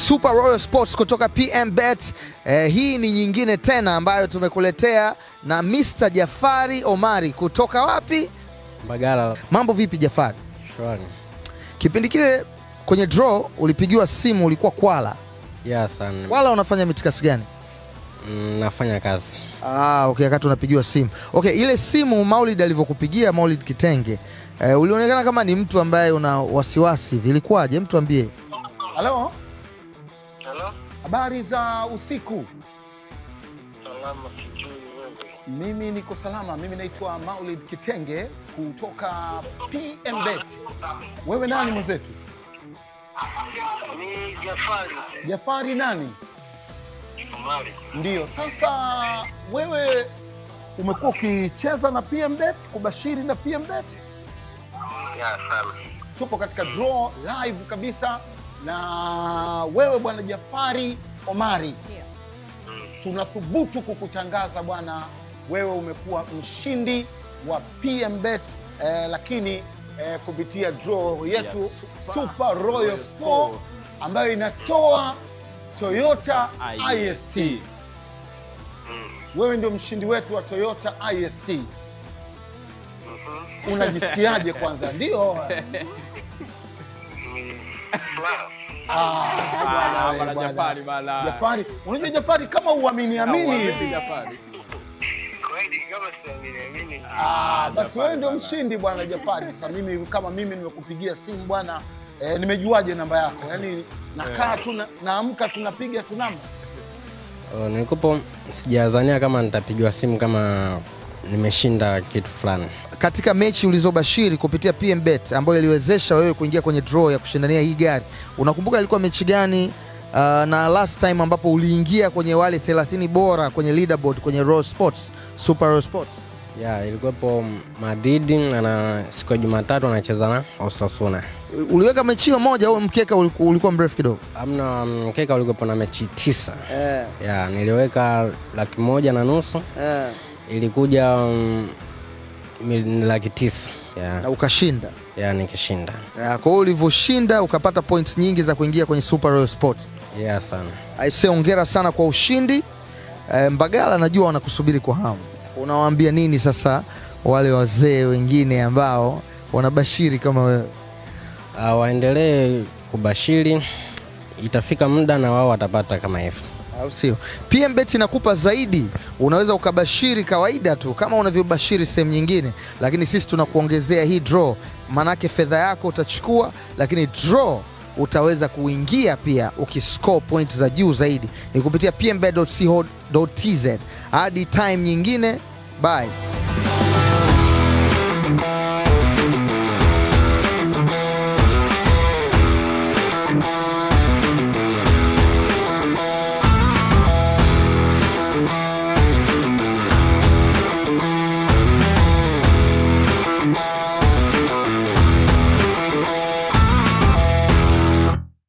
Super Royal Sports kutoka PM Bet. Eh, hii ni nyingine tena ambayo tumekuletea na Mr. Jafari Omari kutoka wapi? Mbagala. Mambo vipi Jafari? Shwari. Kipindi kile kwenye draw ulipigiwa simu ulikuwa Kwala. Yeah, sana. Kwala unafanya mitikasi gani? Mm, nafanya kazi. Ah, okay, wakati unapigiwa simu. Okay, ile simu Maulid alivyokupigia Maulid Kitenge. Eh, ulionekana kama ni mtu ambaye una wasiwasi. Vilikuwaje? Mtu ambie. Hello? Hello? Habari za usiku. Salama Mimi niko salama. Mimi naitwa Maulid Kitenge kutoka PMBet. Wewe nani mwenzetu? Ni Jafari. Jafari nani? Omari. Ndiyo, sasa wewe umekuwa ukicheza na PMBet, kubashiri na PMBet? Yeah, sana. Tupo katika draw live kabisa na wewe Bwana Jafari Omari Tunathubutu kukutangaza bwana, wewe umekuwa mshindi wa PMBet eh, lakini eh, kupitia draw yetu yes. Super, Super Royal Sport ambayo inatoa Toyota IST. IST. Wewe ndio mshindi wetu wa Toyota IST. Mm-hmm. Unajisikiaje kwanza? Ndio. Jafari, ah, unajua Jafari kama uamini amini, ah, ah, basi wewe ndio mshindi bwana Jafari. Sasa mimi kama mimi nimekupigia simu bwana eh, nimejuaje namba yako? Yaani nakaa eh. tu naamka tunapiga tu namba oh, nilikupo, sijazania kama nitapigiwa simu kama nimeshinda kitu fulani katika mechi ulizobashiri kupitia PMBet ambayo iliwezesha wewe kuingia kwenye draw ya kushindania hii gari, unakumbuka ilikuwa mechi gani? Uh, na last time ambapo uliingia kwenye wale 30 bora kwenye leaderboard kwenye Raw Sports, Super Raw Sports? Yeah, ilikuwepo Madrid na siku ya Jumatatu anacheza na Osasuna. Uliweka mechi moja au mkeka ulikuwa mrefu kidogo? Amna, mm, mkeka ulikuwa na mechi tisa. Yeah. Yeah, niliweka laki moja na nusu. Yeah. Ilikuja um, laki tisa yeah. Na ukashinda yeah, nikashinda yeah. Kwa hiyo ulivyoshinda ukapata points nyingi za kuingia kwenye Super Royal Sports yeah, sana. Aise, hongera sana kwa ushindi e, Mbagala najua wanakusubiri kwa hamu. Unawaambia nini sasa wale wazee wengine ambao wanabashiri kama wewe? Ah, waendelee kubashiri, itafika muda na wao watapata kama hivyo au sio? PM inakupa zaidi, unaweza ukabashiri kawaida tu kama unavyobashiri sehemu nyingine, lakini sisi tunakuongezea hii draw. Maanake fedha yako utachukua, lakini draw utaweza kuingia pia ukiscore point za juu zaidi. Ni kupitia pmbet.co.tz. Hadi time nyingine, bye.